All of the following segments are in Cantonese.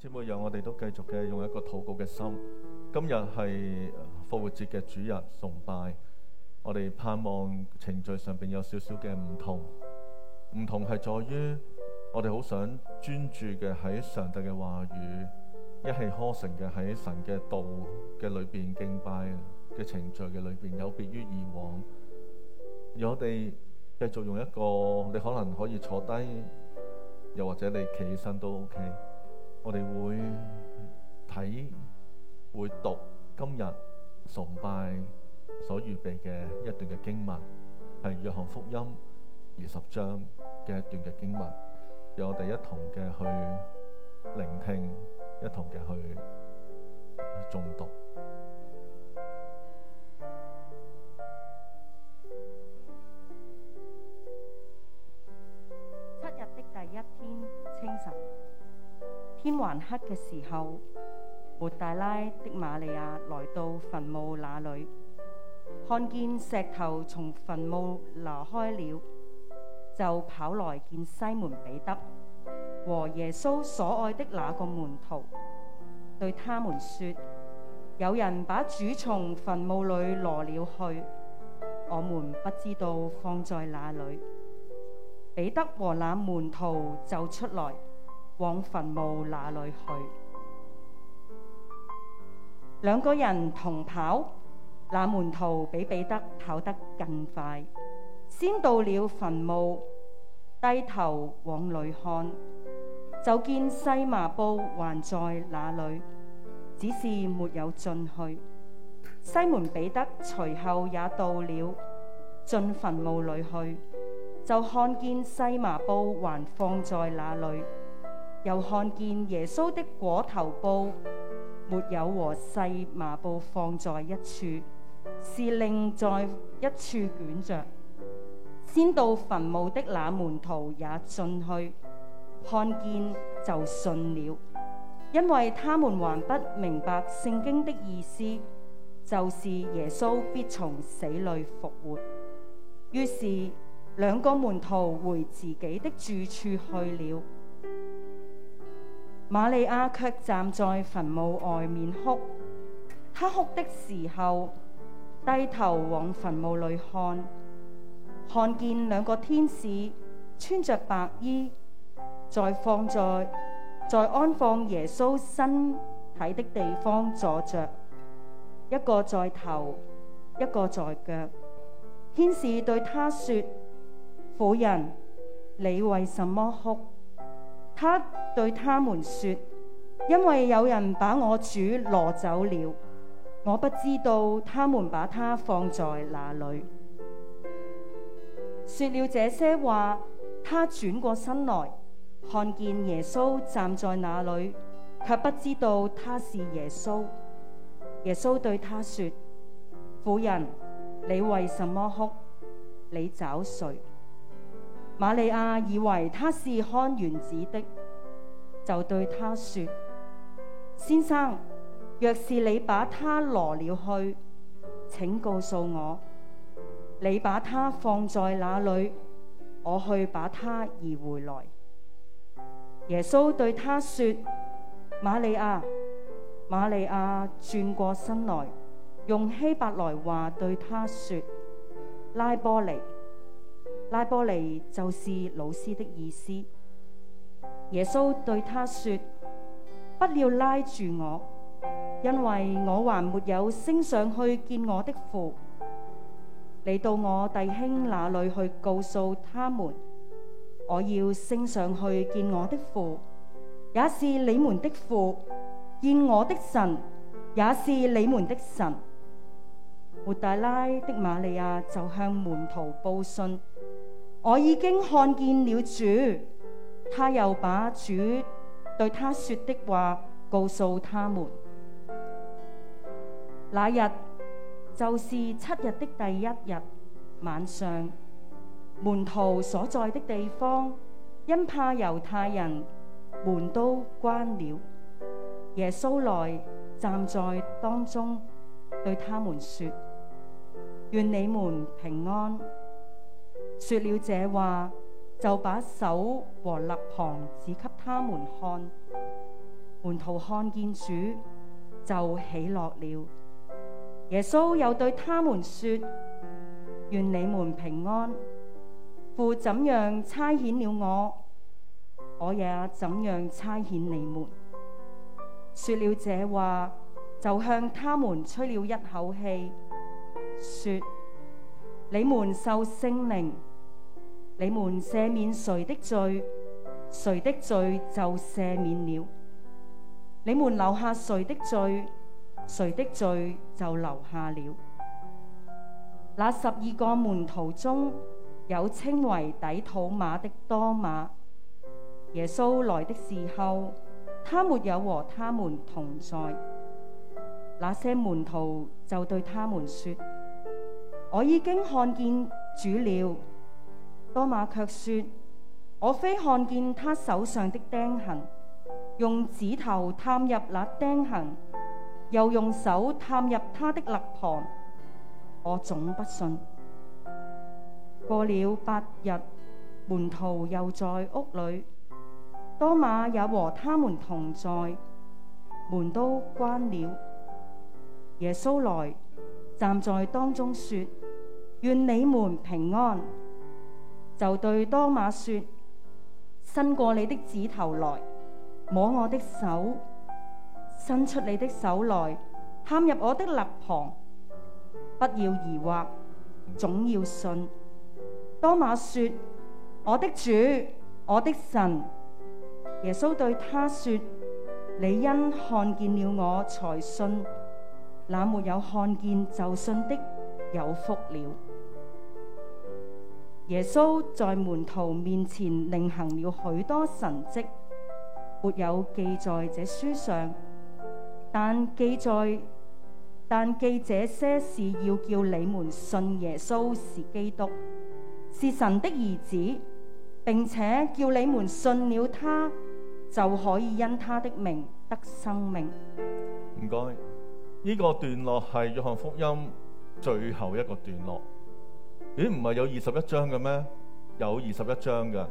節目讓我哋都繼續嘅用一個禱告嘅心。今日係復活節嘅主日崇拜，我哋盼望程序上邊有少少嘅唔同。唔同係在於我哋好想專注嘅喺上帝嘅話語，一氣呵成嘅喺神嘅道嘅裏邊敬拜嘅程序嘅裏邊，有別於以往。而我哋繼續用一個，你可能可以坐低，又或者你企起身都 OK。我哋會睇、會讀今日崇拜所預備嘅一段嘅經文，係《約翰福音》二十章嘅一段嘅經文，讓我哋一同嘅去聆聽，一同嘅去誦讀。天還黑嘅時候，抹大拉的瑪利亞來到墳墓那裏，看見石頭從墳墓挪開了，就跑來見西門彼得和耶穌所愛的那個門徒，對他們說：有人把主從墳墓裏挪了去，我們不知道放在哪裏。彼得和那門徒就出來。往墳墓那裏去。兩個人同跑，那門徒比彼得跑得更快，先到了墳墓，低頭往裏看，就見細麻布還在那裏，只是沒有進去。西門彼得隨後也到了，進墳墓裏去，就看見細麻布還放在那裏。又看見耶穌的裹頭布沒有和細麻布放在一處，是另在一處捲着。先到墳墓的那門徒也進去，看見就信了，因為他們還不明白聖經的意思，就是耶穌必從死裏復活。於是兩個門徒回自己的住處去了。瑪利亞卻站在墳墓外面哭。他哭的時候，低頭往墳墓裏看，看見兩個天使穿着白衣，在放在在安放耶穌身體的地方坐着，一個在頭，一個在腳。天使對他說：婦人，你為什麼哭？他對他們說，因為有人把我主挪走了，我不知道他們把他放在哪裏。說了這些話，他轉過身來，看見耶穌站在那裏，卻不知道他是耶穌。耶穌對他說，婦人，你為什麼哭？你找誰？瑪利亞以為他是看園子的，就對他說：先生，若是你把他挪了去，請告訴我，你把他放在哪裏？我去把他移回來。耶穌對他說：瑪利亞，瑪利亞轉過身來，用希伯來話對他說：拉波尼。拉波尼就是老師的意思。耶穌對他說：不要拉住我，因為我還沒有升上去見我的父，你到我弟兄那裏去告訴他們，我要升上去見我的父，也是你們的父，見我的神也是你們的神。抹大拉的瑪利亞就向門徒報信。我已經看見了主，他又把主對他說的話告訴他們。那日就是七日的第一日晚上，門徒所在的地方，因怕猶太人，門都關了。耶穌來站在當中，對他們說：願你們平安。說了這話，就把手和肋旁指給他們看。門徒看見主，就喜樂了。耶穌又對他們說：願你們平安。父怎樣差遣了我，我也怎樣差遣你們。說了這話，就向他們吹了一口氣，說：你們受聖靈。你們赦免誰的罪，誰的罪就赦免了；你們留下誰的罪，誰的罪就留下了。那十二個門徒中有稱為底土馬的多馬，耶穌來的時候，他沒有和他們同在。那些門徒就對他們說：我已經看見主了。多馬卻說：我非看見他手上的釘痕，用指頭探入那釘痕，又用手探入他的肋旁，我總不信。過了八日，門徒又在屋裏，多馬也和他們同在，門都關了。耶穌來站在當中說：願你們平安！就對多馬說：伸過你的指頭來摸我的手，伸出你的手來探入我的肋旁，不要疑惑，總要信。多馬說：我的主，我的神。耶穌對他說：你因看見了我才信，那沒有看見就信的有福了。耶穌在門徒面前另行了許多神蹟，沒有記在這書上，但記在但記這些事，要叫你們信耶穌是基督，是神的兒子，並且叫你們信了他，就可以因他的名得生命。唔該，呢、這個段落係約翰福音最後一個段落。咦，唔係有二十一章嘅咩？有二十一章嘅，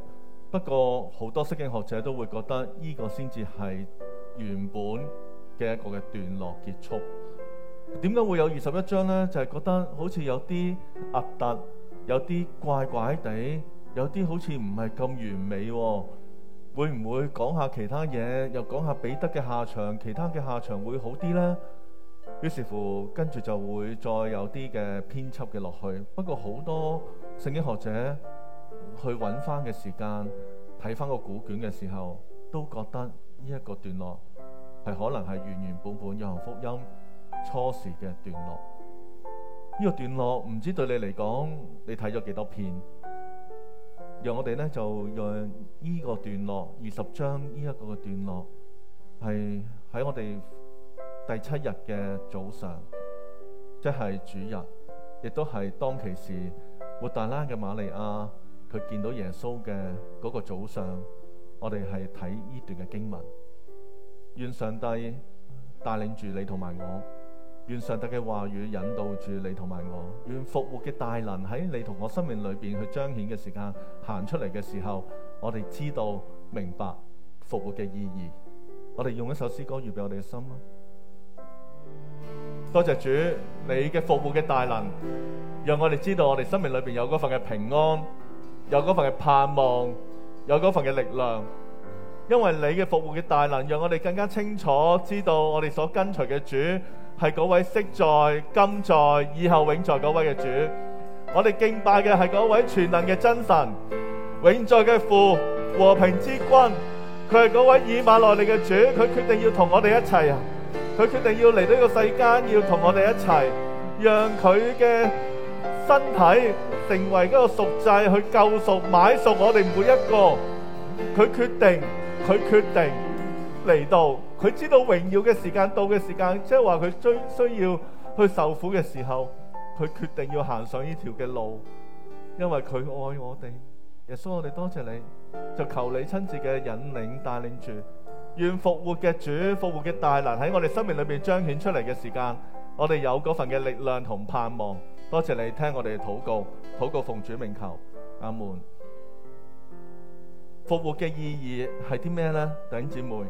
不過好多釋經學者都會覺得呢個先至係原本嘅一個嘅段落結束。點解會有二十一章呢？就係、是、覺得好似有啲兀突，有啲怪怪地，有啲好似唔係咁完美、哦。會唔會講下其他嘢？又講下彼得嘅下場，其他嘅下場會好啲呢？於是乎，跟住就會再有啲嘅編輯嘅落去。不過好多聖經學者去揾翻嘅時間，睇翻個古卷嘅時候，都覺得呢一個段落係可能係原原本本《約翰福音》初時嘅段落。呢個段落唔知對你嚟講，你睇咗幾多遍？讓我哋呢就用呢個段落二十章呢一個嘅段落，係喺我哋。第七日嘅早上，即係主日，亦都係當其時，活大拉嘅瑪利亞，佢見到耶穌嘅嗰個早上。我哋係睇呢段嘅經文。願上帝帶領住你同埋我，願上帝嘅話語引導住你同埋我，願復活嘅大能喺你同我生命裏邊去彰顯嘅時間行出嚟嘅時候，我哋知道明白復活嘅意義。我哋用一首詩歌預備我哋嘅心啊！多謝主，你嘅復活嘅大能，讓我哋知道我哋生命裏邊有嗰份嘅平安，有嗰份嘅盼望，有嗰份嘅力量。因為你嘅復活嘅大能，讓我哋更加清楚知道我哋所跟隨嘅主係嗰位昔在，今在、以後永在嗰位嘅主。我哋敬拜嘅係嗰位全能嘅真神，永在嘅父、和平之君。佢係嗰位以馬內利嘅主，佢決定要同我哋一齊啊！佢決定要嚟到呢個世間，要同我哋一齊，讓佢嘅身體成為嗰個贖祭，去救贖、買贖我哋每一個。佢決定，佢決定嚟到。佢知道榮耀嘅時間到嘅時間，即係話佢最需要去受苦嘅時候，佢決定要行上呢條嘅路，因為佢愛我哋。耶穌，我哋多謝你，就求你親自嘅引領帶領住。願復活嘅主，復活嘅大能喺我哋生命裏面彰顯出嚟嘅時間，我哋有嗰份嘅力量同盼望。多謝你聽我哋嘅禱告，禱告奉主名求，阿門。復活嘅意義係啲咩呢？弟兄姊妹，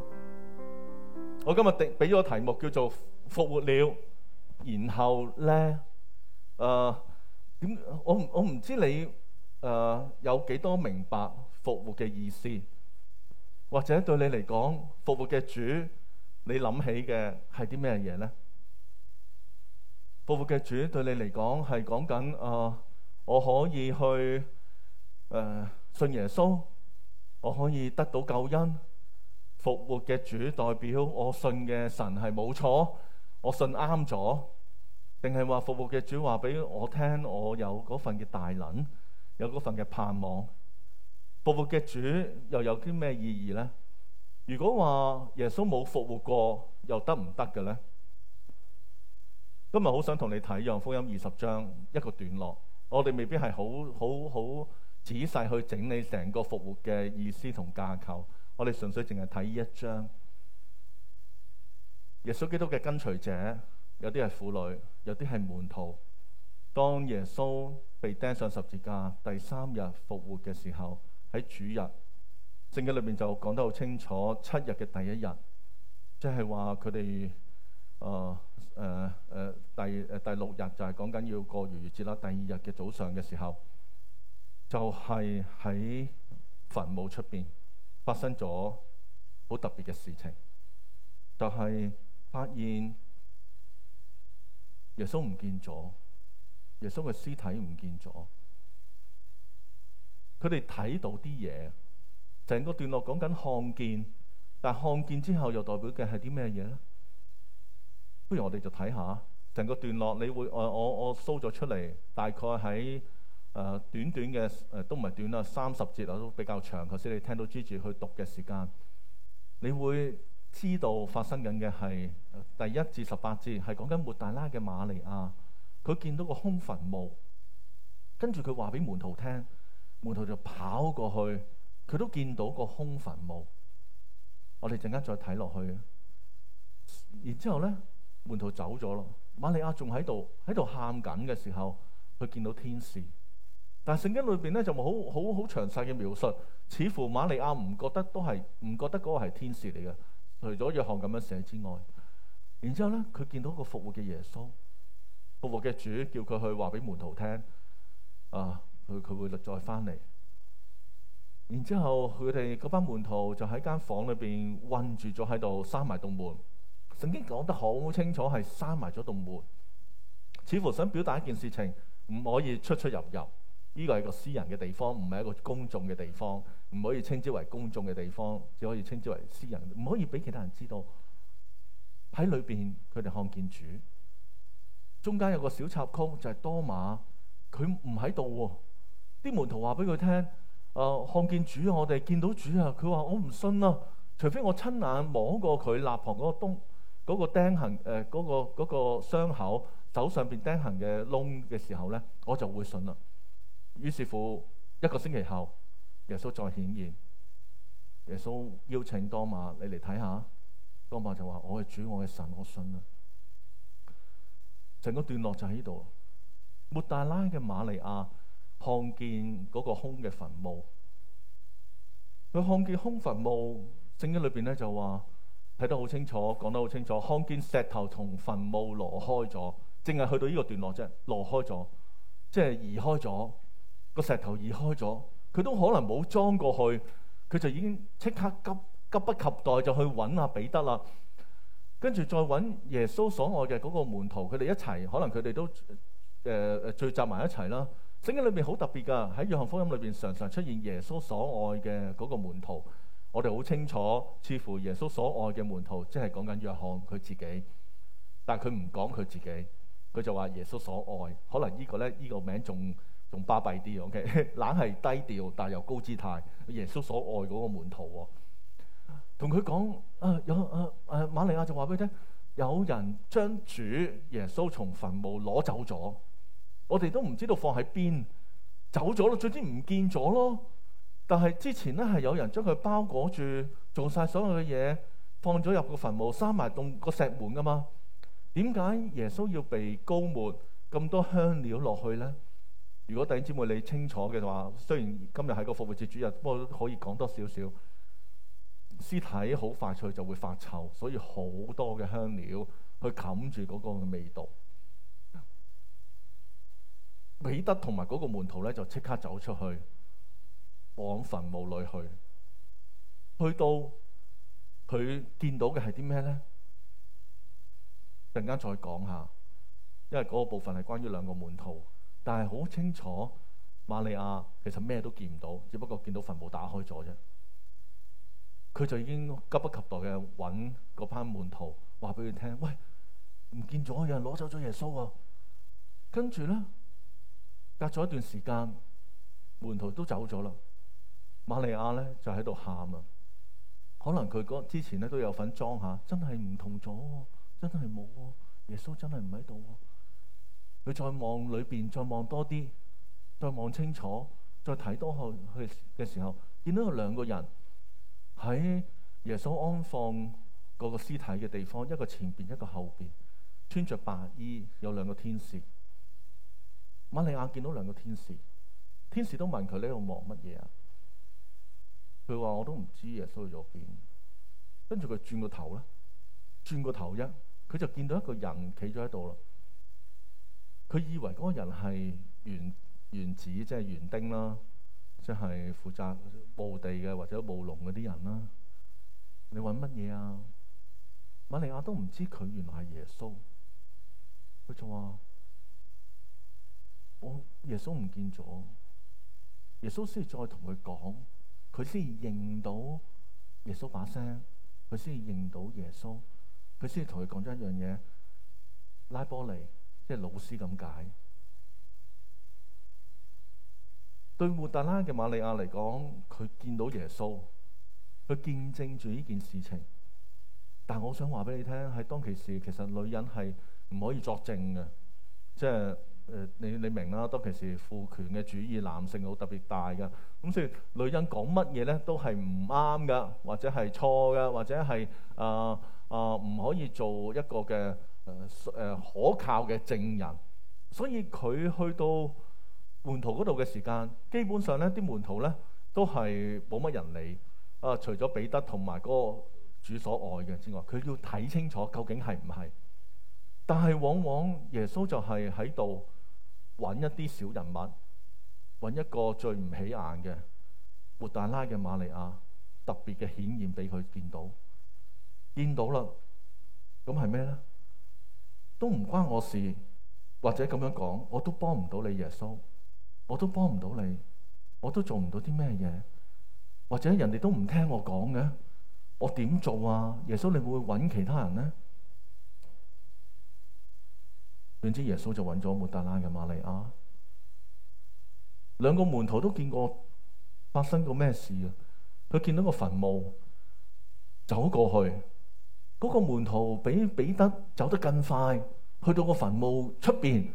我今日俾俾咗個題目叫做復活了，然後呢，誒，點我唔我唔知你誒有幾多明白復活嘅意思。或者對你嚟講，復活嘅主，你諗起嘅係啲咩嘢咧？復活嘅主對你嚟講係講緊啊，我可以去誒、呃、信耶穌，我可以得到救恩。復活嘅主代表我信嘅神係冇錯，我信啱咗。定係話復活嘅主話俾我聽，我有嗰份嘅大能，有嗰份嘅盼望。復活嘅主又有啲咩意義呢？如果話耶穌冇復活過，又得唔得嘅呢？今日好想同你睇《約翰福音》二十章一個段落。我哋未必係好好好仔細去整理成個復活嘅意思同架構。我哋純粹淨係睇呢一章。耶穌基督嘅跟隨者，有啲係婦女，有啲係門徒。當耶穌被釘上十字架，第三日復活嘅時候。喺主日，聖經裏邊就講得好清楚，七日嘅第一日，即係話佢哋，誒誒誒第第六日就係講緊要過逾越節啦。第二日嘅早上嘅時候，就係喺墳墓出邊發生咗好特別嘅事情，就係發現耶穌唔見咗，耶穌嘅屍體唔見咗。佢哋睇到啲嘢，成個段落講緊看見，但看見之後又代表嘅係啲咩嘢咧？不如我哋就睇下成個段落，你會我我我搜咗出嚟，大概喺誒、呃、短短嘅誒、呃、都唔係短啦，三十節啊都比較長。頭先你聽到 Gigi 去讀嘅時間，你會知道發生緊嘅係第一至十八節係講緊抹大拉嘅瑪利亞，佢見到個空墳墓，跟住佢話俾門徒聽。門徒就跑過去，佢都見到個空墳墓。我哋陣間再睇落去，然之後咧，門徒走咗咯。瑪利亞仲喺度，喺度喊緊嘅時候，佢見到天使。但係聖經裏邊咧就冇好好好詳細嘅描述，似乎瑪利亞唔覺得都係唔覺得嗰個係天使嚟嘅。除咗約翰咁樣寫之外，然之後咧，佢見到個復活嘅耶穌，復活嘅主叫佢去話俾門徒聽，啊。佢佢會再翻嚟，然之後佢哋嗰班門徒就喺間房裏邊困住咗喺度，閂埋道門，門。聖經講得好清楚，係閂埋咗道門，門，似乎想表達一件事情，唔可以出出入入。呢個係個私人嘅地方，唔係一個公眾嘅地方，唔可以稱之為公眾嘅地方，只可以稱之為私人，唔可以俾其他人知道。喺裏邊，佢哋看見主。中間有個小插曲，就係多馬，佢唔喺度喎。啲門徒話俾佢聽：誒看見主啊，我哋見到主啊，佢話我唔信咯，除非我親眼摸過佢肋旁嗰個東嗰個釘痕誒嗰個嗰個傷口，手上邊釘痕嘅窿嘅時候咧，我就會信啦。於是乎一個星期後，耶穌再顯現，耶穌邀請多馬，你嚟睇下，多馬就話：我係主，我係神，我信啦。整個段落就喺呢度，抹大拉嘅瑪利亞。看見嗰個空嘅墳墓，佢看見空墳墓，聖經裏邊咧就話睇得好清楚，講得好清楚。看見石頭同墳墓挪開咗，淨係去到呢個段落啫，挪開咗，即係移開咗個石頭移開咗，佢都可能冇裝過去，佢就已經即刻急急不及待就去揾阿彼得啦，跟住再揾耶穌所愛嘅嗰個門徒，佢哋一齊，可能佢哋都誒誒、呃、聚集埋一齊啦。聖經裏邊好特別噶，喺約翰福音裏邊常常出現耶穌所愛嘅嗰個門徒，我哋好清楚，似乎耶穌所愛嘅門徒，即係講緊約翰佢自己，但係佢唔講佢自己，佢就話耶穌所愛，可能呢個咧呢個名仲仲巴閉啲嘅，okay? 冷係低調，但係又高姿態，耶穌所愛嗰個門徒，哦，同佢講，啊有啊誒瑪、啊、利亞就話俾佢聽，有人將主耶穌從墳墓攞走咗。我哋都唔知道放喺邊，走咗咯，總之唔見咗咯。但係之前咧係有人將佢包裹住，做晒所有嘅嘢，放咗入個墳墓，閂埋道石門噶嘛。點解耶穌要被膏抹咁多香料落去咧？如果弟兄姊妹你清楚嘅話，雖然今日係個復活節主日，不過可以講多少少。屍體好快脆就會發臭，所以好多嘅香料去冚住嗰個味道。彼得同埋嗰個門徒咧，就即刻走出去往墳墓裏去。去到佢見到嘅係啲咩咧？陣間再講下，因為嗰個部分係關於兩個門徒，但係好清楚瑪利亞其實咩都見唔到，只不過見到墳墓打開咗啫。佢就已經急不及待嘅揾嗰班門徒，話俾佢聽：「喂，唔見咗，有人攞走咗耶穌啊！跟住咧。隔咗一段時間，門徒都走咗啦。瑪利亞咧就喺度喊啊！可能佢之前咧都有份裝下、啊，真係唔同咗，真係冇，耶穌真，真係唔喺度。佢再望裏邊，再望多啲，再望清楚，再睇多去去嘅時候，見到有兩個人喺耶穌安放嗰個屍體嘅地方，一個前邊，一個後邊，穿著白衣，有兩個天使。瑪利亞見到兩個天使，天使都問佢呢度忙乜嘢啊？佢話我都唔知耶穌去咗邊。跟住佢轉個頭啦，轉個頭一，佢就見到一個人企咗喺度啦。佢以為嗰個人係園園子，即係園丁啦，即係負責墓地嘅或者務農嗰啲人啦。你搵乜嘢啊？瑪利亞都唔知佢原來係耶穌，佢就話。我耶穌唔見咗，耶穌先至再同佢講，佢先認到耶穌把聲，佢先認到耶穌，佢先同佢講咗一樣嘢。拉波尼即係老師咁解，對抹大拉嘅瑪利亞嚟講，佢見到耶穌，佢見證住呢件事情。但係我想話俾你聽，喺當其時，其實女人係唔可以作證嘅，即係。誒你，你明啦，當其時父權嘅主義男性好特別大㗎，咁所以女人講乜嘢咧都係唔啱㗎，或者係錯㗎，或者係啊啊唔可以做一個嘅誒誒可靠嘅證人。所以佢去到門徒嗰度嘅時間，基本上咧啲門徒咧都係冇乜人理啊、呃，除咗彼得同埋嗰個主所愛嘅之外，佢要睇清楚究竟係唔係。但係往往耶穌就係喺度。揾一啲小人物，揾一個最唔起眼嘅抹大拉嘅瑪利亞，特別嘅顯現俾佢見到，見到啦，咁係咩咧？都唔關我事，或者咁樣講，我都幫唔到你耶穌，我都幫唔到你，我都做唔到啲咩嘢，或者人哋都唔聽我講嘅，我點做啊？耶穌，你會揾其他人咧？總之耶穌就揾咗抹大拉嘅瑪利亞，兩個門徒都見過發生過咩事啊？佢見到個墳墓，走過去，嗰、那個門徒比彼得走得更快，去到個墳墓出邊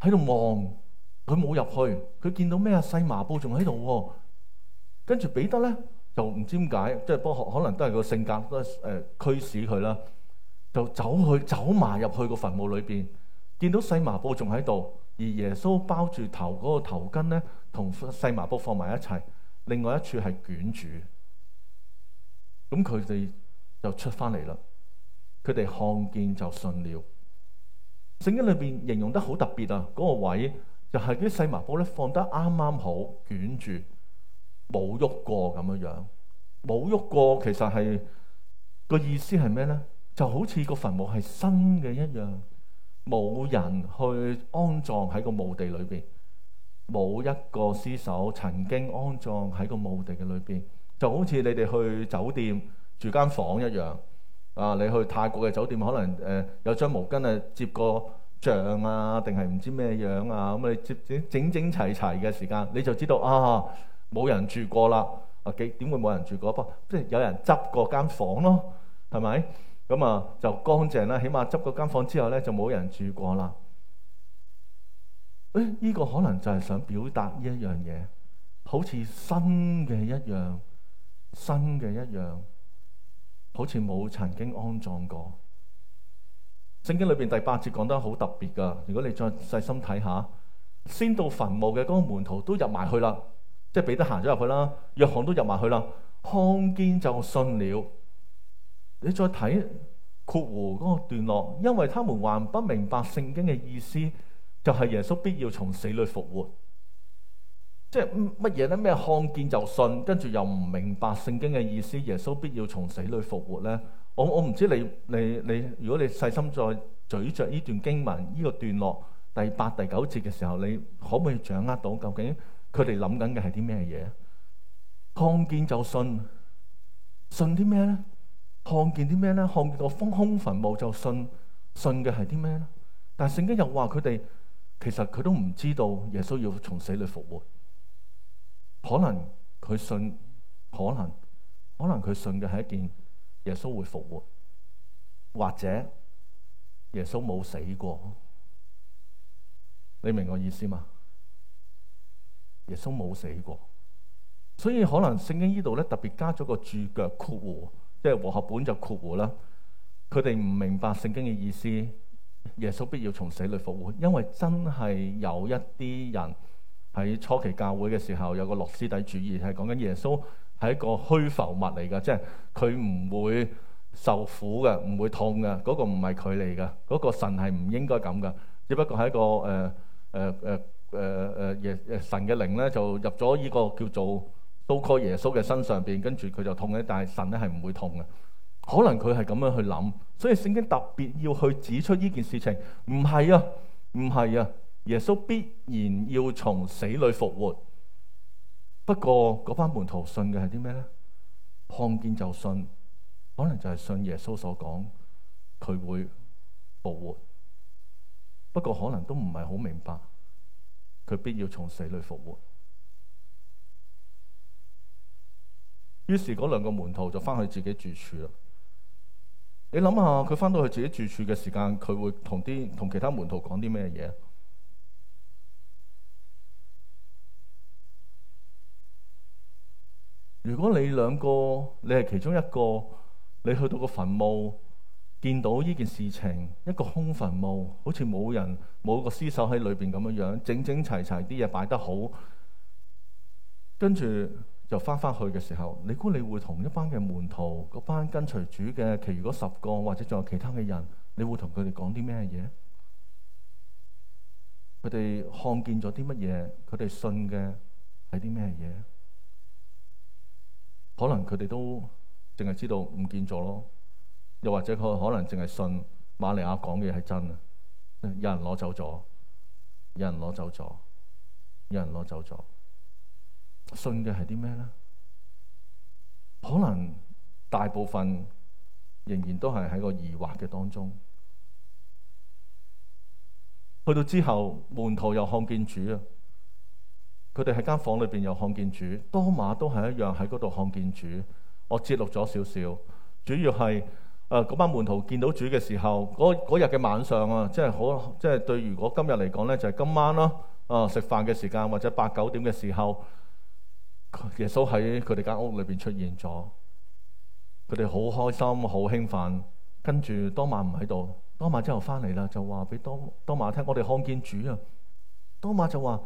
喺度望，佢冇入去，佢見到咩啊？細麻布仲喺度喎，跟住彼得咧就唔知點解，即係幫可能都係個性格都誒、呃、驅使佢啦，就走去走埋入去個墳墓裏邊。見到細麻布仲喺度，而耶穌包住頭嗰個頭巾咧，同細麻布放埋一齊。另外一處係捲住，咁佢哋就出翻嚟啦。佢哋看見就信了。聖經裏邊形容得好特別啊！嗰個位就係啲細麻布咧放得啱啱好，捲住，冇喐過咁樣樣，冇喐過。其實係個意思係咩咧？就好似個墳墓係新嘅一樣。冇人去安葬喺個墓地裏邊，冇一個屍首曾經安葬喺個墓地嘅裏邊，就好似你哋去酒店住間房一樣。啊，你去泰國嘅酒店，可能誒、呃、有張毛巾啊，摺個象啊，定係唔知咩樣啊，咁、嗯、你接整整整齊齊嘅時間，你就知道啊，冇人住過啦。啊，幾點會冇人住過？不過，即係有人執過間房咯，係咪？咁啊，就乾淨啦，起碼執嗰間房之後咧，就冇人住過啦。誒、哎，呢、這個可能就係想表達呢一樣嘢，好似新嘅一樣，新嘅一樣，好似冇曾經安葬過。聖經裏邊第八節講得好特別㗎，如果你再細心睇下，先到墳墓嘅嗰個門徒都入埋去啦，即係彼得行咗入去啦，約翰都入埋去啦，看見就信了。你再睇括弧嗰個段落，因為他們還不明白聖經嘅意思，就係、是、耶穌必要從死裏復活。即係乜嘢咧？咩看見就信，跟住又唔明白聖經嘅意思，耶穌必要從死裏復活咧？我我唔知你你你，如果你細心再咀嚼呢段經文呢、這個段落第八、第九節嘅時候，你可唔可以掌握到究竟佢哋諗緊嘅係啲咩嘢？看見就信，信啲咩咧？看見啲咩咧？看見個空空墳墓，就信。信嘅係啲咩咧？但聖經又話佢哋其實佢都唔知道耶穌要從死裏復活。可能佢信，可能可能佢信嘅係一件耶穌會復活，或者耶穌冇死過。你明我意思嘛？耶穌冇死過，所以可能聖經呢度咧特別加咗個注腳括弧。即係和合本就括弧啦，佢哋唔明白聖經嘅意思，耶穌必要從死裏復活，因為真係有一啲人喺初期教會嘅時候有個諾斯底主義，係講緊耶穌係一個虛浮物嚟噶，即係佢唔會受苦嘅，唔會痛嘅，嗰個唔係佢嚟噶，嗰個神係唔應該咁噶，只不過係一個誒誒誒誒誒神嘅靈咧就入咗依個叫做。都過耶穌嘅身上邊，跟住佢就痛咧。但係神咧係唔會痛嘅，可能佢係咁樣去諗。所以聖經特別要去指出呢件事情，唔係啊，唔係啊，耶穌必然要從死裏復活。不過嗰班門徒信嘅係啲咩咧？看見就信，可能就係信耶穌所講，佢會復活。不過可能都唔係好明白，佢必要從死裏復活。於是嗰兩個門徒就翻去自己住處啦。你諗下，佢翻到去自己住處嘅時間，佢會同啲同其他門徒講啲咩嘢？如果你兩個，你係其中一個，你去到個墳墓，見到呢件事情，一個空墳墓，好似冇人冇個屍首喺裏邊咁嘅樣，整整齊齊啲嘢擺得好，跟住。就翻翻去嘅時候，你估你會同一班嘅門徒、嗰班跟隨主嘅其餘嗰十個，或者仲有其他嘅人，你會同佢哋講啲咩嘢？佢哋看見咗啲乜嘢？佢哋信嘅係啲咩嘢？可能佢哋都淨係知道唔見咗咯，又或者佢可能淨係信瑪利亞講嘅嘢係真嘅。有人攞走咗，有人攞走咗，有人攞走咗。信嘅係啲咩咧？可能大部分仍然都係喺個疑惑嘅當中。去到之後，門徒又看見主啊！佢哋喺間房間裏邊又看見主。多馬都係一樣喺嗰度看見主。我節錄咗少少，主要係誒嗰班門徒見到主嘅時候，嗰日嘅晚上啊，即係好即係對。如果今日嚟講咧，就係、是、今晚啦。啊、呃，食飯嘅時間或者八九點嘅時候。耶穌喺佢哋間屋裏邊出現咗，佢哋好開心、好興奮。跟住多馬唔喺度，多馬之後翻嚟啦，就話俾多、多馬聽：我哋看見主啊。多馬就話：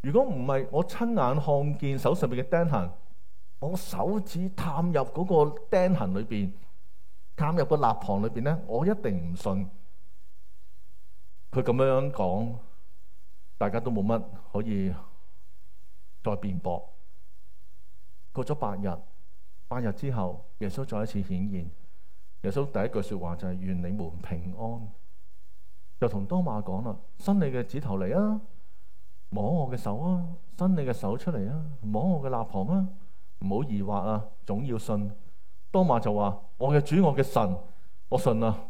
如果唔係我親眼看見手上面嘅釘痕，我手指探入嗰個釘痕裏邊，探入個肋旁裏邊咧，我一定唔信。佢咁樣講，大家都冇乜可以再辯駁。過咗八日，八日之後，耶穌再一次顯現。耶穌第一句說話就係、是、願你們平安。又同多馬講啦，伸你嘅指頭嚟啊，摸我嘅手啊，伸你嘅手出嚟啊，摸我嘅肋旁啊，唔好疑惑啊，總要信。多馬就話，我嘅主，我嘅神，我信啦，啊，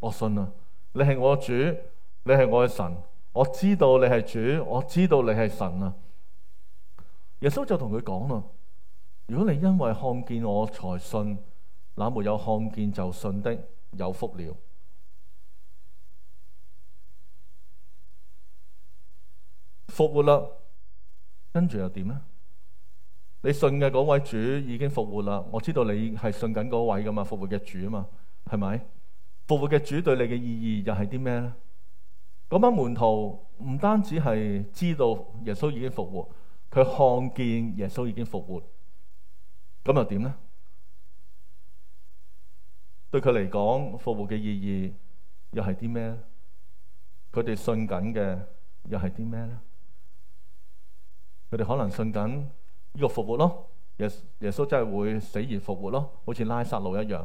我信啦，啊。你係我嘅主，你係我嘅神，我知道你係主，我知道你係神啊。耶穌就同佢講啦。如果你因為看見我才信，那沒有看見就信的有福了。復活啦，跟住又點呢？你信嘅嗰位主已經復活啦。我知道你係信緊嗰位噶嘛，復活嘅主啊嘛，係咪？復活嘅主對你嘅意義又係啲咩咧？嗰班門徒唔單止係知道耶穌已經復活，佢看見耶穌已經復活。咁又點呢？對佢嚟講，復活嘅意義又係啲咩咧？佢哋信緊嘅又係啲咩咧？佢哋可能信緊呢個復活咯，耶耶穌真係會死而復活咯，好似拉撒路一樣。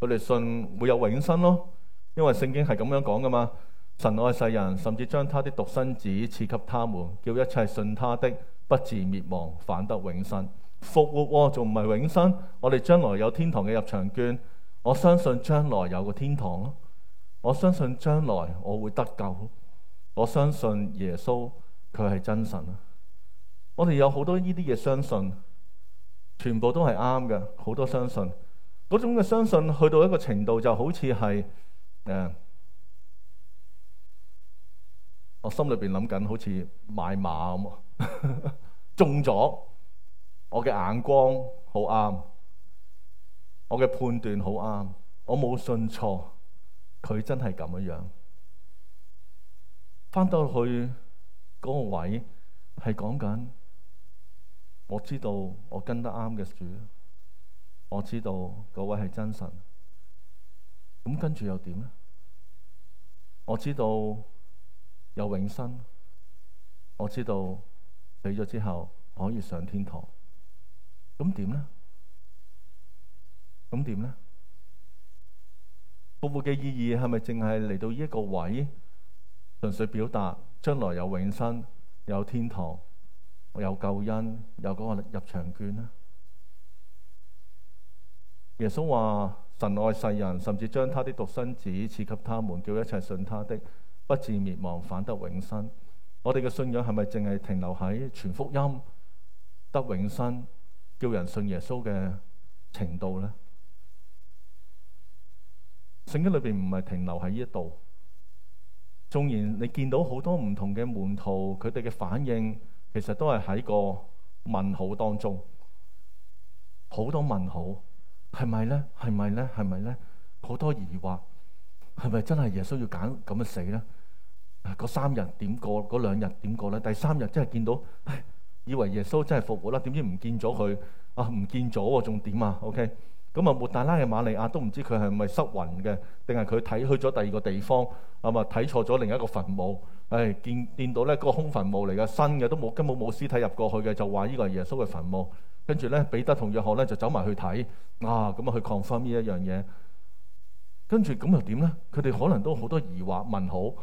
佢哋信會有永生咯，因為聖經係咁樣講噶嘛。神愛世人，甚至將他的獨生子賜給他們，叫一切信他的不至滅亡，反得永生。復活喎，仲唔係永生？我哋將來有天堂嘅入場券。我相信將來有個天堂咯。我相信將來我會得救。我相信耶穌佢係真神啦。我哋有好多呢啲嘢相信，全部都係啱嘅。好多相信嗰種嘅相信去到一個程度，就好似係誒，我心裏邊諗緊好似買馬咁， 中咗。我嘅眼光好啱，我嘅判斷好啱，我冇信錯，佢真係咁樣樣。翻到去嗰個位係講緊，我知道我跟得啱嘅主，我知道嗰位係真神。咁跟住又點呢？我知道有永生，我知道死咗之後可以上天堂。咁點呢？咁點呢？復活嘅意義係咪淨係嚟到呢一個位，純粹表達將來有永生，有天堂，有救恩，有嗰個入場券呢？耶穌話：神愛世人，甚至將他的獨生子賜給他們，叫一切信他的不至滅亡，反得永生。我哋嘅信仰係咪淨係停留喺全福音得永生？叫人信耶穌嘅程度咧，聖經裏邊唔係停留喺呢一度，縱然你見到好多唔同嘅門徒，佢哋嘅反應其實都係喺個問號當中，好多問號，係咪咧？係咪咧？係咪咧？好多疑惑，係咪真係耶穌要揀咁樣死咧？嗰三日點過？嗰兩日點過咧？第三日真係見到。唉，以為耶穌真係復活啦，點知唔見咗佢啊？唔見咗喎，仲點啊？OK，咁啊，抹大拉嘅馬利亞都唔知佢係咪失魂嘅，定係佢睇去咗第二個地方，啊，咪睇錯咗另一個墳墓。唉、哎，見見到咧個空墳墓嚟嘅，新嘅都冇根本冇屍體入過去嘅，就話呢個係耶穌嘅墳墓。跟住咧彼得同約翰咧就走埋去睇啊，咁啊去 confirm 呢一樣嘢。跟住咁又點咧？佢哋可能都好多疑惑問號。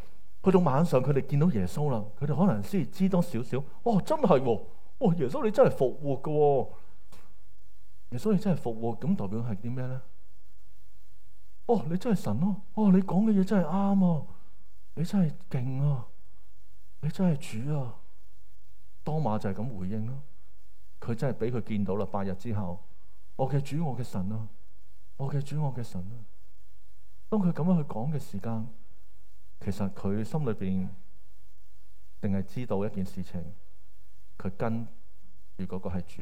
去到晚上，佢哋見到耶穌啦。佢哋可能先知多少少。哦，真係喎！哦，耶穌你真係復活噶、哦！耶穌你真係復活，咁代表係啲咩咧？哦，你真係神咯、啊！哦，你講嘅嘢真係啱啊！你真係勁啊！你真係主啊！多馬就係咁回應咯。佢真係俾佢見到啦。八日之後，我嘅主，我嘅神啊！我嘅主，我嘅神啊！當佢咁樣去講嘅時間。其實佢心裏邊定係知道一件事情，佢跟住嗰個係主，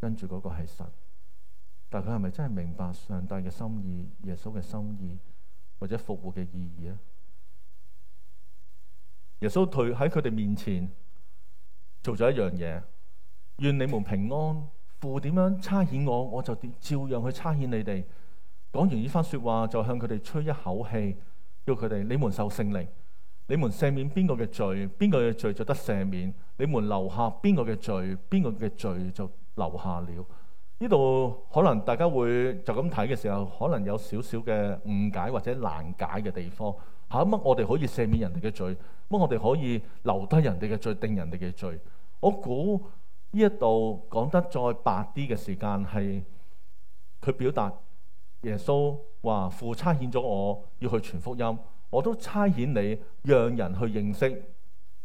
跟住嗰個係神，但佢係咪真係明白上帝嘅心意、耶穌嘅心意或者復活嘅意義啊？耶穌退喺佢哋面前做咗一樣嘢，願你們平安。父點樣差遣我，我就點，照樣去差遣你哋。講完呢番說話，就向佢哋吹一口氣。叫佢哋，你們受聖靈，你們赦免邊個嘅罪，邊個嘅罪就得赦免；你們留下邊個嘅罪，邊個嘅罪就留下了。呢度可能大家會就咁睇嘅時候，可能有少少嘅誤解或者難解嘅地方。嚇、啊、乜我哋可以赦免人哋嘅罪？乜我哋可以留低人哋嘅罪定人哋嘅罪？我估呢一度講得再白啲嘅時間係佢表達耶穌。話父差遣咗我，要去傳福音。我都差遣你，讓人去認識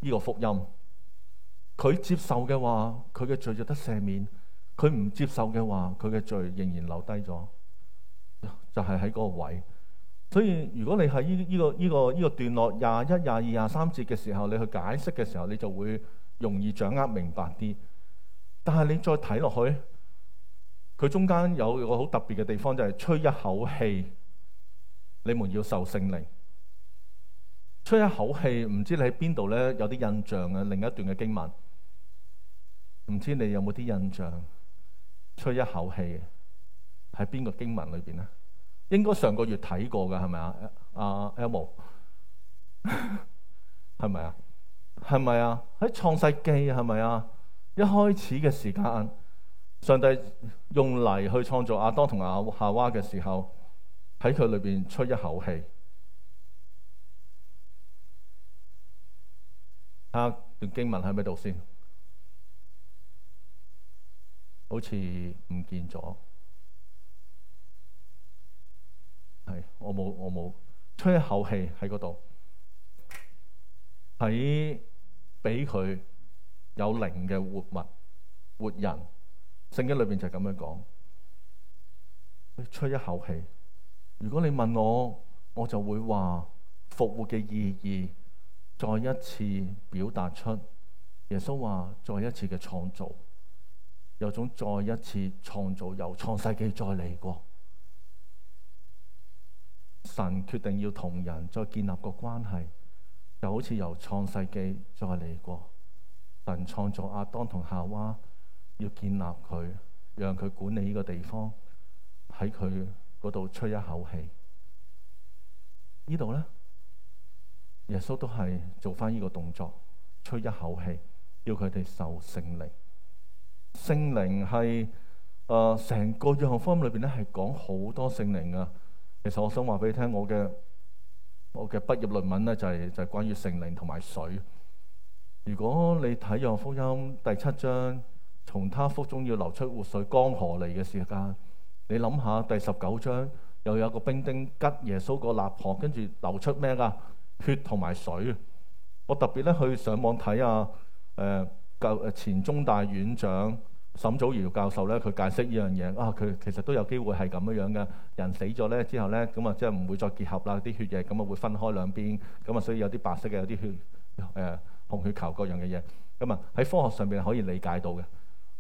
呢個福音。佢接受嘅話，佢嘅罪就得赦免；佢唔接受嘅話，佢嘅罪仍然留低咗，就係喺嗰個位。所以，如果你喺呢呢個呢個呢個段落廿一、廿二、廿三節嘅時候，你去解釋嘅時候，你就會容易掌握明白啲。但係你再睇落去。佢中間有個好特別嘅地方，就係、是、吹一口氣，你們要受聖靈。吹一口氣，唔知你喺邊度咧？有啲印象嘅另一段嘅經文，唔知你有冇啲印象？吹一口氣，喺邊個經文裏邊咧？應該上個月睇過㗎，係咪啊？阿 e l 係咪啊？係咪 啊？喺、啊、創世記係咪啊？一開始嘅時間。上帝用泥去創造亞當同亞夏娃嘅時候，喺佢裏邊吹一口氣。睇下段經文喺唔喺度先，好似唔見咗。係，我冇，我冇吹一口氣喺嗰度，喺俾佢有靈嘅活物、活人。聖經裏邊就係咁樣講，吹一口氣。如果你問我，我就會話，復活嘅意義，再一次表達出耶穌話，再一次嘅創造，有種再一次創造，由創世紀再嚟過。神決定要同人再建立個關係，就好似由創世紀再嚟過。神創造亞當同夏娃。要建立佢，讓佢管理呢個地方，喺佢嗰度吹一口氣。呢度咧，耶穌都係做翻呢個動作，吹一口氣，要佢哋受聖靈。聖靈係誒，成、呃、個約翰福音裏邊咧係講好多聖靈噶。其實我想話俾你聽，我嘅我嘅畢業論文咧就係、是、就係、是、關於聖靈同埋水。如果你睇約翰福音第七章。從他腹中要流出活水江河嚟嘅時間，你諗下第十九章又有一個兵丁吉，吉耶穌個肋旁，跟住流出咩㗎？血同埋水。我特別咧去上網睇啊，誒舊誒前中大院長沈祖堯教授咧，佢解釋呢樣嘢啊，佢其實都有機會係咁樣樣嘅人死咗咧之後咧，咁啊即係唔會再結合啦，啲血液咁啊會分開兩邊咁啊，所以有啲白色嘅有啲血誒、呃、紅血球各樣嘅嘢咁啊喺科學上邊可以理解到嘅。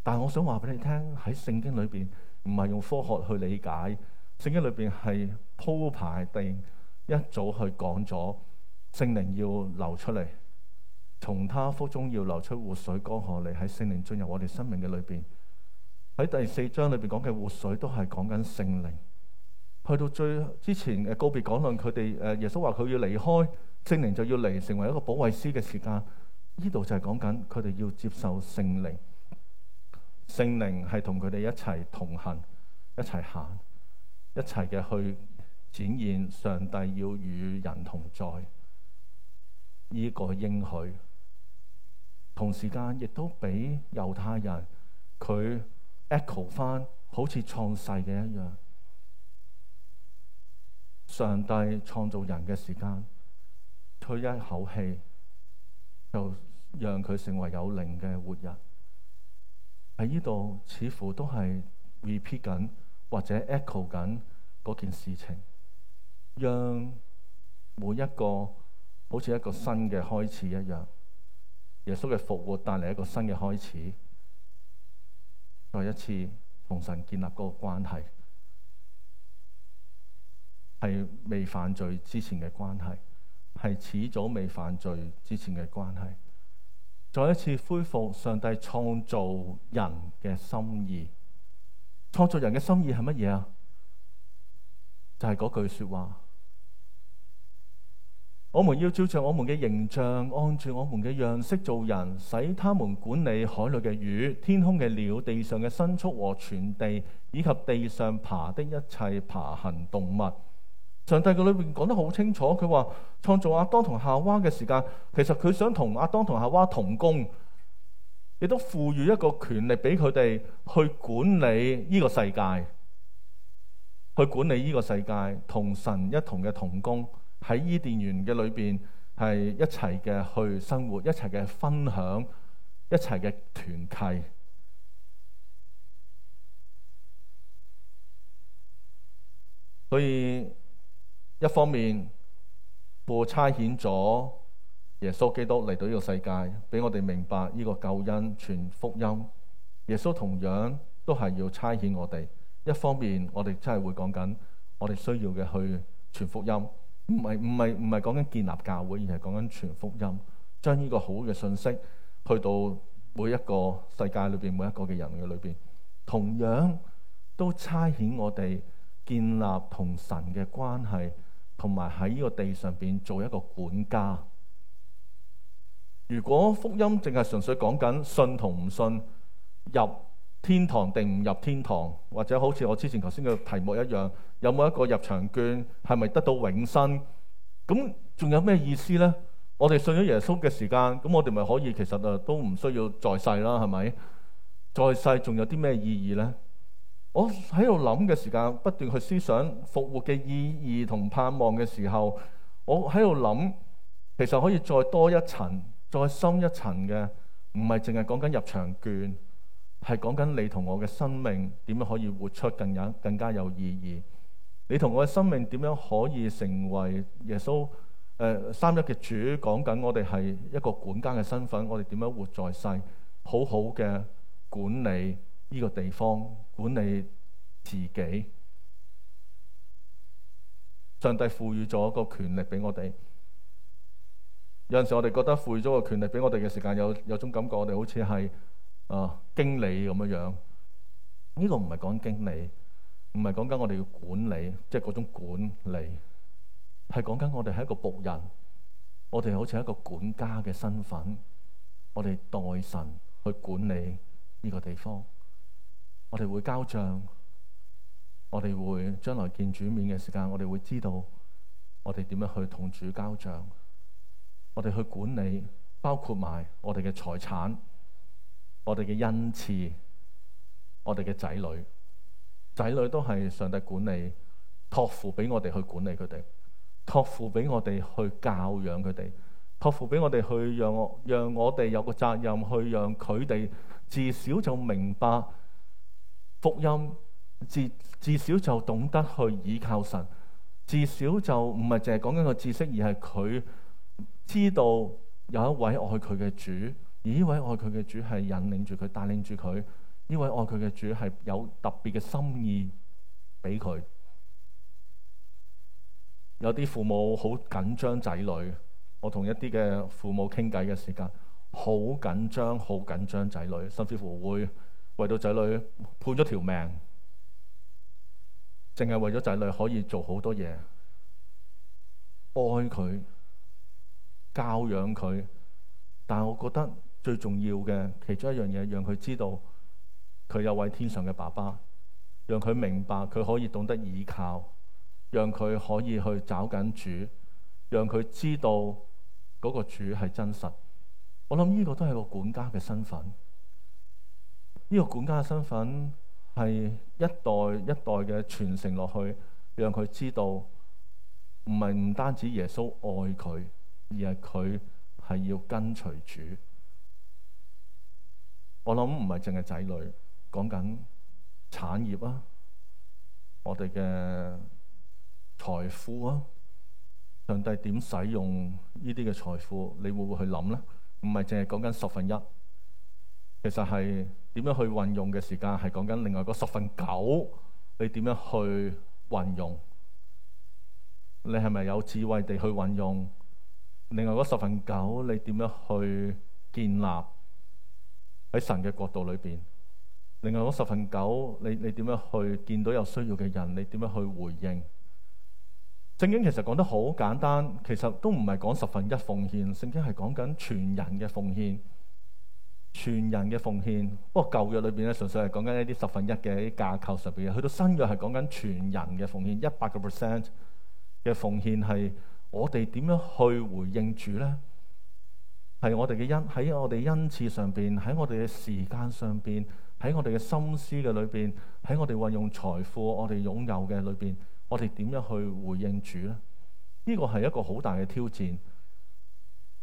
但係，我想話俾你聽，喺聖經裏邊唔係用科學去理解，聖經裏邊係鋪排定一早去講咗聖靈要流出嚟，從他腹中要流出活水江河嚟。喺聖靈進入我哋生命嘅裏邊，喺第四章裏邊講嘅活水都係講緊聖靈。去到最之前告別講論，佢哋耶穌話佢要離開，聖靈就要嚟，成為一個保惠師嘅時間。呢度就係講緊佢哋要接受聖靈。聖靈係同佢哋一齊同行，一齊行，一齊嘅去展現上帝要與人同在呢個應許。同時間亦都俾猶太人佢 echo 翻，ech 好似創世嘅一樣。上帝創造人嘅時間，吹一口氣就讓佢成為有靈嘅活人。喺呢度似乎都係 repeat 緊或者 echo 緊嗰件事情，讓每一個好似一個新嘅開始一樣，耶穌嘅復活帶嚟一個新嘅開始，再一次同神建立嗰個關係，係未犯罪之前嘅關係，係始早未犯罪之前嘅關係。再一次恢復上帝創造人嘅心意，創造人嘅心意係乜嘢啊？就係、是、嗰句說話：我們要照着我們嘅形象，按住我們嘅樣式做人，使他們管理海裏嘅魚、天空嘅鳥、地上嘅牲畜和全地，以及地上爬的一切爬行動物。上帝嘅裏邊講得好清楚，佢話創造阿當同夏娃嘅時間，其實佢想同阿當同夏娃同工，亦都賦予一個權力俾佢哋去管理呢個世界，去管理呢個世界，同神一同嘅同工喺伊甸園嘅裏邊係一齊嘅去生活，一齊嘅分享，一齊嘅團契，所以。一方面父差遣咗耶穌基督嚟到呢個世界，俾我哋明白呢個救恩，傳福音。耶穌同樣都係要差遣我哋。一方面，我哋真係會講緊我哋需要嘅去傳福音，唔係唔係唔係講緊建立教會，而係講緊傳福音，將呢個好嘅信息去到每一個世界裏邊每一個嘅人嘅裏邊。同樣都差遣我哋。建立同神嘅關係，同埋喺呢個地上邊做一個管家。如果福音淨係純粹講緊信同唔信入天堂定唔入天堂，或者好似我之前頭先嘅題目一樣，有冇一個入場券，係咪得到永生？咁仲有咩意思呢？我哋信咗耶穌嘅時間，咁我哋咪可以其實誒都唔需要再世啦，係咪？再世仲有啲咩意義呢？我喺度諗嘅時間，不斷去思想復活嘅意義同盼望嘅時候，我喺度諗，其實可以再多一層、再深一層嘅，唔係淨係講緊入場券，係講緊你同我嘅生命點樣可以活出更有更加有意義。你同我嘅生命點樣可以成為耶穌、呃、三一嘅主？講緊我哋係一個管家嘅身份，我哋點樣活在世，好好嘅管理呢個地方。管理自己，上帝賦予咗個權力俾我哋。有陣時我哋覺得賦予咗個權力俾我哋嘅時間，有有種感覺我，我哋好似係啊經理咁樣樣。呢、呢個唔係講經理，唔係講緊我哋要管理，即係嗰種管理，係講緊我哋係一個僕人，我哋好似係一個管家嘅身份，我哋代神去管理呢個地方。我哋會交賬，我哋會將來見主面嘅時間，我哋會知道我哋點樣去同主交賬。我哋去管理，包括埋我哋嘅財產、我哋嘅恩賜、我哋嘅仔女。仔女都係上帝管理，托付俾我哋去管理佢哋，托付俾我哋去教養佢哋，托付俾我哋去讓我讓我哋有個責任去讓佢哋至少就明白。福音至至，至少就懂得去倚靠神，至少就唔係淨係講緊個知識，而係佢知道有一位愛佢嘅主，而呢位愛佢嘅主係引領住佢，帶領住佢。呢位愛佢嘅主係有特別嘅心意俾佢。有啲父母好緊張仔女，我同一啲嘅父母傾偈嘅時間，好緊張，好緊張仔女，甚至乎會。為到仔女判咗條命，淨係為咗仔女可以做好多嘢，愛佢、教養佢。但係我覺得最重要嘅，其中一樣嘢，讓佢知道佢有位天上嘅爸爸，讓佢明白佢可以懂得倚靠，讓佢可以去找緊主，讓佢知道嗰個主係真實。我諗呢個都係個管家嘅身份。呢個管家嘅身份係一代一代嘅傳承落去，讓佢知道唔係唔單止耶穌愛佢，而係佢係要跟隨主。我諗唔係淨係仔女，講緊產業啊，我哋嘅財富啊，上帝點使用呢啲嘅財富？你會唔會去諗咧？唔係淨係講緊十分一，其實係。點樣去運用嘅時間，係講緊另外嗰十份九，你點樣去運用？你係咪有智慧地去運用？另外嗰十份九，你點樣去建立？喺神嘅角度裏邊，另外嗰十份九，你你點樣去見到有需要嘅人？你點樣去回應？聖經其實講得好簡單，其實都唔係講十分一奉獻，聖經係講緊全人嘅奉獻。全人嘅奉獻，不過舊約裏邊咧，純粹係講緊一啲十分一嘅一啲架構上邊嘅。去到新約係講緊全人嘅奉獻，一百個 percent 嘅奉獻係我哋點樣去回應主咧？係我哋嘅恩，喺我哋恩賜上邊，喺我哋嘅時間上邊，喺我哋嘅心思嘅裏邊，喺我哋運用財富我哋擁有嘅裏邊，我哋點樣去回應主咧？呢個係一個好大嘅挑戰，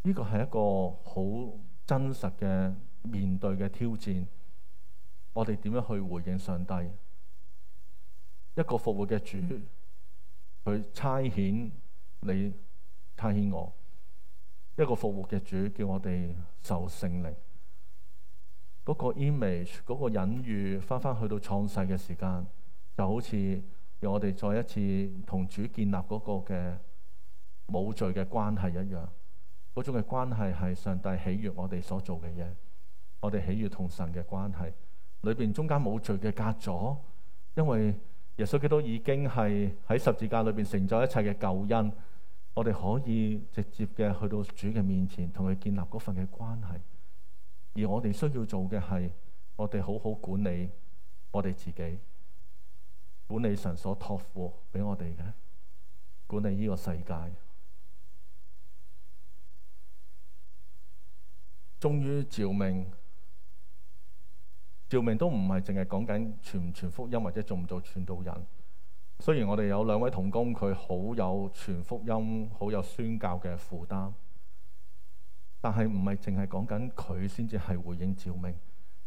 呢個係一個好真實嘅。面對嘅挑戰，我哋點樣去回應上帝？一個復活嘅主，佢差遣你差遣我；一個復活嘅主叫我哋受聖靈。嗰、嗰個 image，嗰個隱喻，翻翻去到創世嘅時間，就好似讓我哋再一次同主建立嗰個嘅冇罪嘅關係一樣。嗰種嘅關係係上帝喜悦我哋所做嘅嘢。我哋喜悅同神嘅關係裏邊中間冇罪嘅隔阻，因為耶穌基督已經係喺十字架裏邊成就一切嘅救恩。我哋可以直接嘅去到主嘅面前，同佢建立嗰份嘅關係。而我哋需要做嘅係，我哋好好管理我哋自己，管理神所託付俾我哋嘅，管理呢個世界，終於召命。召命都唔係淨係講緊傳唔傳福音或者做唔做傳道人。雖然我哋有兩位同工，佢好有傳福音、好有宣教嘅負擔，但係唔係淨係講緊佢先至係回應召命，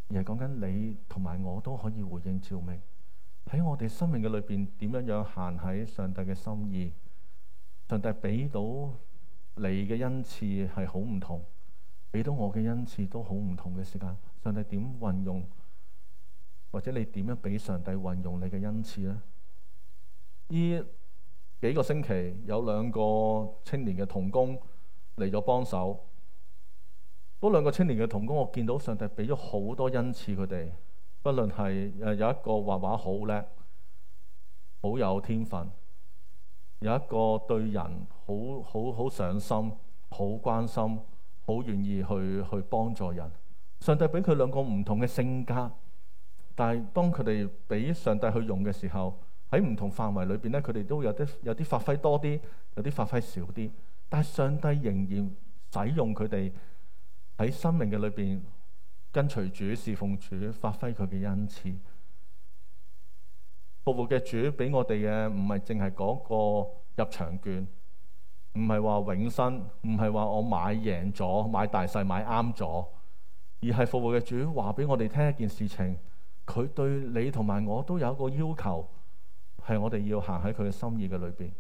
而係講緊你同埋我都可以回應召命，喺我哋生命嘅裏邊，點樣樣行喺上帝嘅心意？上帝俾到你嘅恩賜係好唔同，俾到我嘅恩賜都好唔同嘅時間。上帝點運用？或者你點樣俾上帝運用你嘅恩賜呢？呢幾個星期有兩個青年嘅童工嚟咗幫手。嗰兩個青年嘅童工，我見到上帝俾咗好多恩賜佢哋。不論係誒，有一個畫畫好叻，好有天分，有一個對人好好好上心，好關心，好願意去去幫助人。上帝俾佢兩個唔同嘅性格。但係，當佢哋俾上帝去用嘅時候，喺唔同範圍裏邊咧，佢哋都有啲有啲發揮多啲，有啲發揮少啲。但係，上帝仍然使用佢哋喺生命嘅裏邊跟隨主、侍奉主、發揮佢嘅恩賜。復活嘅主俾我哋嘅唔係淨係嗰個入場券，唔係話永生，唔係話我買贏咗、買大細、買啱咗，而係復活嘅主話俾我哋聽一件事情。情佢對你同埋我都有一個要求，係我哋要行喺佢嘅心意嘅裏邊。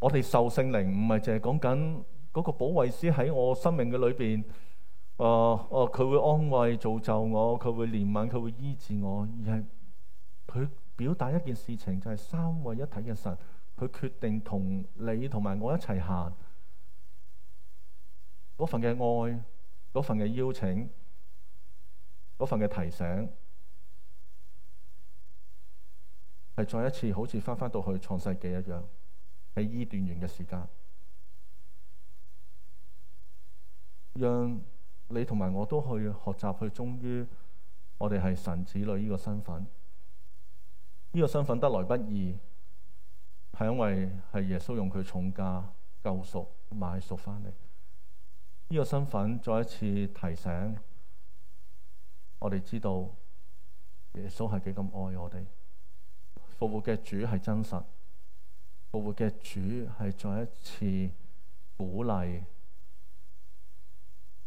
我哋受聖靈唔係淨係講緊嗰個保惠師喺我生命嘅裏邊，誒、呃、誒，佢、呃、會安慰、造就我，佢會憐憫、佢會醫治我，而係佢表達一件事情，就係、是、三位一體嘅神，佢決定同你同埋我一齊行嗰份嘅愛，嗰份嘅邀請。嗰份嘅提醒，係再一次好似翻返到去創世紀一樣，喺伊甸園嘅時間，讓你同埋我都去學習去忠於我哋係神子女呢個身份，呢個身份得來不易，係因為係耶穌用佢重價救贖買贖翻嚟，呢個身份再一次提醒。我哋知道耶穌係幾咁愛我哋，復活嘅主係真實，復活嘅主係再一次鼓勵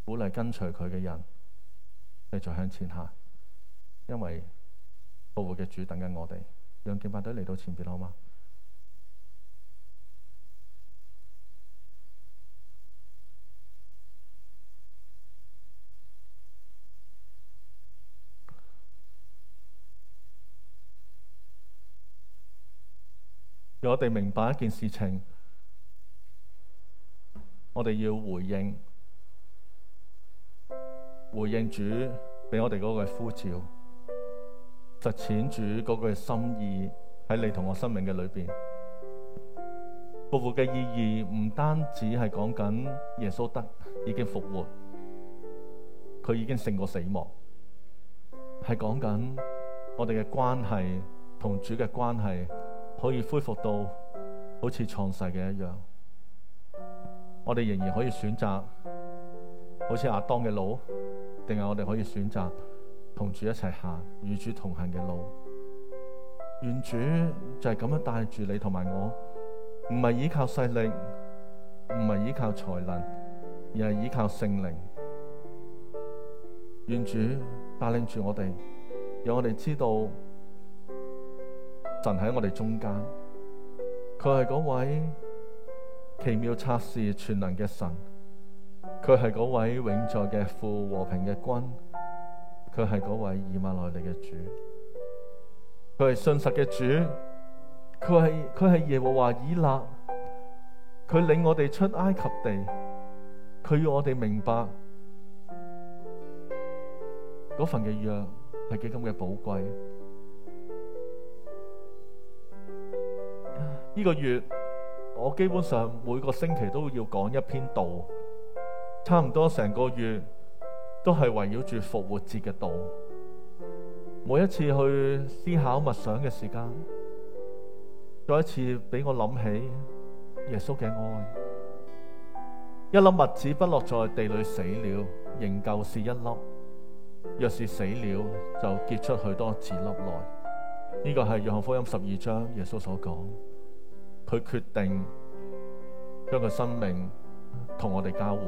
鼓勵跟隨佢嘅人，繼續向前行，因為復活嘅主等緊我哋。讓敬拜隊嚟到前面好嗎？我哋明白一件事情，我哋要回應回應主俾我哋嗰個呼召，實踐主嗰句心意喺你同我生命嘅裏邊。復活嘅意義，唔單止係講緊耶穌得已經復活，佢已經勝過死亡，係講緊我哋嘅關係同主嘅關係。可以恢復到好似創世嘅一樣，我哋仍然可以選擇好似亞當嘅路，定係我哋可以選擇同主一齊行，與主同行嘅路。願主就係咁樣帶住你同埋我，唔係依靠勢力，唔係依靠才能，而係依靠聖靈。願主帶領住我哋，讓我哋知道。神喺我哋中間，佢係嗰位奇妙測試全能嘅神，佢係嗰位永在嘅父、和平嘅君，佢係嗰位以馬內利嘅主，佢係信實嘅主，佢係佢係耶和華以勒，佢領我哋出埃及地，佢要我哋明白嗰份嘅約係幾咁嘅寶貴。呢個月我基本上每個星期都要講一篇道，差唔多成個月都係圍繞住復活節嘅道。每一次去思考默想嘅時間，再一次俾我諗起耶穌嘅愛。一粒麥子不落在地裏死了，仍舊是一粒；若是死了，就結出許多子粒來。呢、這個係約翰福音十二章耶穌所講。佢決定將佢生命同我哋交換，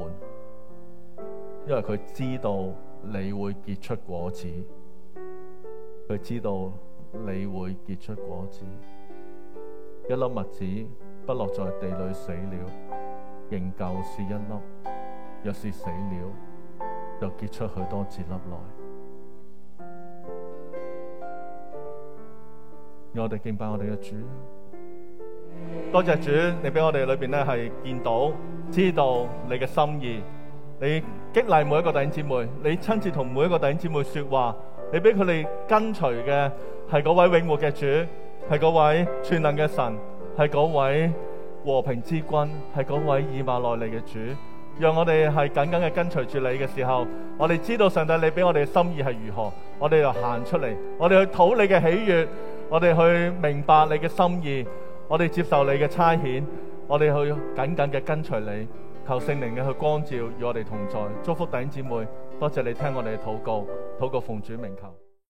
因為佢知道你會結出果子，佢知道你會結出果子。一粒麥子不落在地裏死了，仍舊是一粒；若是死了，就結出許多子粒來。我哋敬拜我哋嘅主。多謝主，你俾我哋裏邊咧係見到知道你嘅心意，你激勵每一個弟兄姊妹，你親自同每一個弟兄姊妹說話，你俾佢哋跟隨嘅係嗰位永活嘅主，係嗰位全能嘅神，係嗰位和平之君，係嗰位以馬內利嘅主。讓我哋係緊緊嘅跟隨住你嘅時候，我哋知道上帝你俾我哋嘅心意係如何，我哋就行出嚟，我哋去討你嘅喜悅，我哋去明白你嘅心意。我哋接受你嘅差遣，我哋去緊緊嘅跟隨你，求聖靈嘅去光照，與我哋同在，祝福弟兄姊妹，多謝你聽我哋禱告，禱告奉主名求。